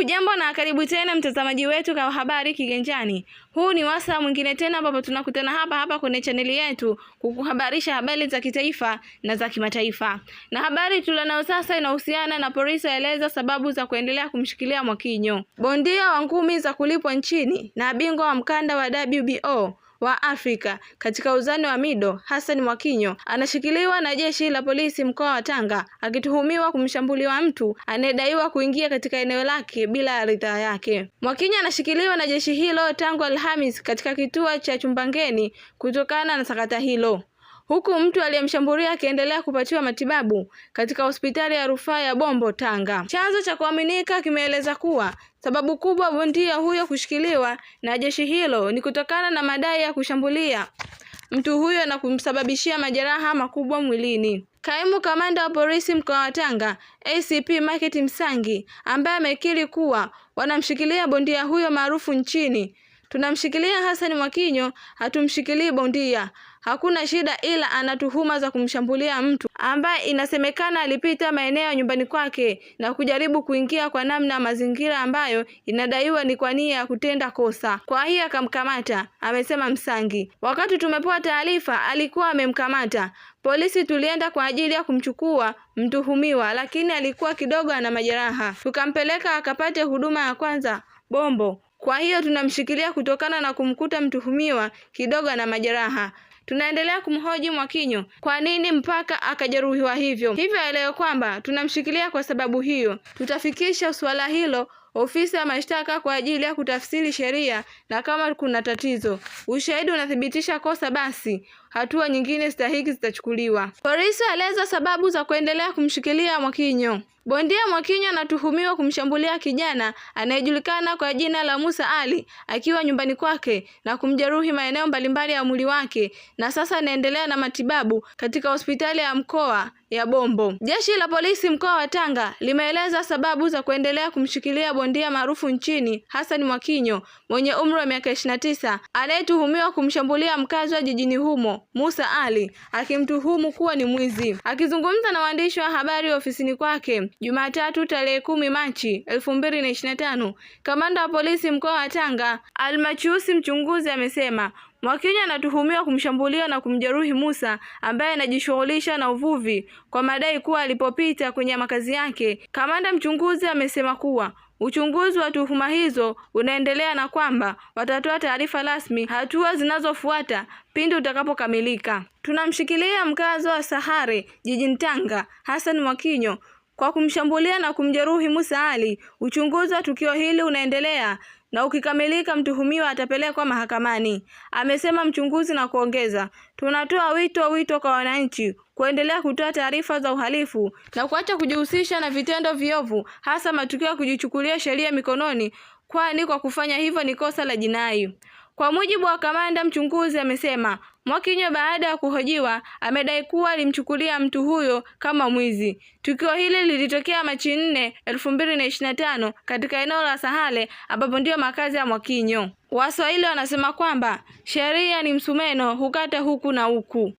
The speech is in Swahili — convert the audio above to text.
Hujambo na karibu tena mtazamaji wetu kwa habari Kiganjani. Huu ni wasaa mwingine tena ambapo tunakutana hapa hapa kwenye chaneli yetu kukuhabarisha habari za kitaifa na za kimataifa. Na habari tulionayo sasa inahusiana na polisi aeleza sababu za kuendelea kumshikilia Mwakinyo. Bondia wa ngumi za kulipwa nchini na bingwa wa mkanda wa WBO wa Afrika katika uzani wa mido Hassan Mwakinyo anashikiliwa na jeshi la polisi mkoa wa Tanga akituhumiwa kumshambulia mtu anayedaiwa kuingia katika eneo lake bila ridhaa yake. Mwakinyo anashikiliwa na jeshi hilo tangu Alhamis katika kituo cha chumbangeni kutokana na sakata hilo huku mtu aliyemshambulia akiendelea kupatiwa matibabu katika hospitali ya rufaa ya Bombo Tanga. Chanzo cha kuaminika kimeeleza kuwa sababu kubwa bondia huyo kushikiliwa na jeshi hilo ni kutokana na madai ya kushambulia mtu huyo na kumsababishia majeraha makubwa mwilini. Kaimu kamanda wa polisi mkoa wa Tanga ACP Market Msangi ambaye amekiri kuwa wanamshikilia bondia huyo maarufu nchini Tunamshikilia Hassan Mwakinyo, hatumshikilii bondia. Hakuna shida, ila ana tuhuma za kumshambulia mtu ambaye inasemekana alipita maeneo ya nyumbani kwake na kujaribu kuingia kwa namna mazingira ambayo inadaiwa ni kwa nia ya kutenda kosa, kwa hiyo akamkamata, amesema Msangi. Wakati tumepewa taarifa, alikuwa amemkamata polisi. Tulienda kwa ajili ya kumchukua mtuhumiwa, lakini alikuwa kidogo ana majeraha, tukampeleka akapate huduma ya kwanza Bombo. Kwa hiyo tunamshikilia kutokana na kumkuta mtuhumiwa kidogo na majeraha. Tunaendelea kumhoji Mwakinyo kwa nini mpaka akajeruhiwa hivyo. Hivyo aelewe kwamba tunamshikilia kwa sababu hiyo. Tutafikisha suala hilo ofisi ya mashtaka kwa ajili ya kutafsiri sheria, na kama kuna tatizo, ushahidi unathibitisha kosa, basi hatua nyingine stahiki zitachukuliwa. Polisi waeleza sababu za kuendelea kumshikilia Mwakinyo. Bondia Mwakinyo anatuhumiwa kumshambulia kijana anayejulikana kwa jina la Musa Ali akiwa nyumbani kwake na kumjeruhi maeneo mbalimbali ya mwili wake na sasa anaendelea na matibabu katika hospitali ya mkoa ya Bombo. Jeshi la polisi mkoa wa Tanga limeeleza sababu za kuendelea kumshikilia bondia maarufu nchini Hassan Mwakinyo mwenye umri wa miaka ishirini na tisa anayetuhumiwa kumshambulia mkazi wa jijini humo Musa Ali akimtuhumu kuwa ni mwizi. Akizungumza na waandishi wa habari ofisini kwake Jumatatu tarehe kumi Machi elfu mbili na ishirini na tano. Kamanda wa polisi mkoa wa Tanga Almachiusi Mchunguzi amesema Mwakinya anatuhumiwa kumshambulia na kumjeruhi Musa ambaye anajishughulisha na uvuvi kwa madai kuwa alipopita kwenye makazi yake. Kamanda Mchunguzi amesema kuwa uchunguzi wa tuhuma hizo unaendelea na kwamba watatoa taarifa rasmi hatua zinazofuata pindi utakapokamilika. Tunamshikilia mkazi wa Sahare jijini Tanga Hassan Mwakinyo kwa kumshambulia na kumjeruhi Musa Ali. Uchunguzi wa tukio hili unaendelea na ukikamilika mtuhumiwa atapelekwa mahakamani, amesema mchunguzi na kuongeza, tunatoa wito wito kwa wananchi kuendelea kutoa taarifa za uhalifu na kuacha kujihusisha na vitendo viovu, hasa matukio ya kujichukulia sheria mikononi, kwani kwa kufanya hivyo ni kosa la jinai. Kwa mujibu wa kamanda mchunguzi amesema Mwakinyo baada ya kuhojiwa amedai kuwa alimchukulia mtu huyo kama mwizi. Tukio hili lilitokea Machi nne elfu mbili na ishirini na tano katika eneo la Sahale ambapo ndiyo makazi ya Mwakinyo. Waswahili wanasema kwamba sheria ni msumeno hukata huku na huku.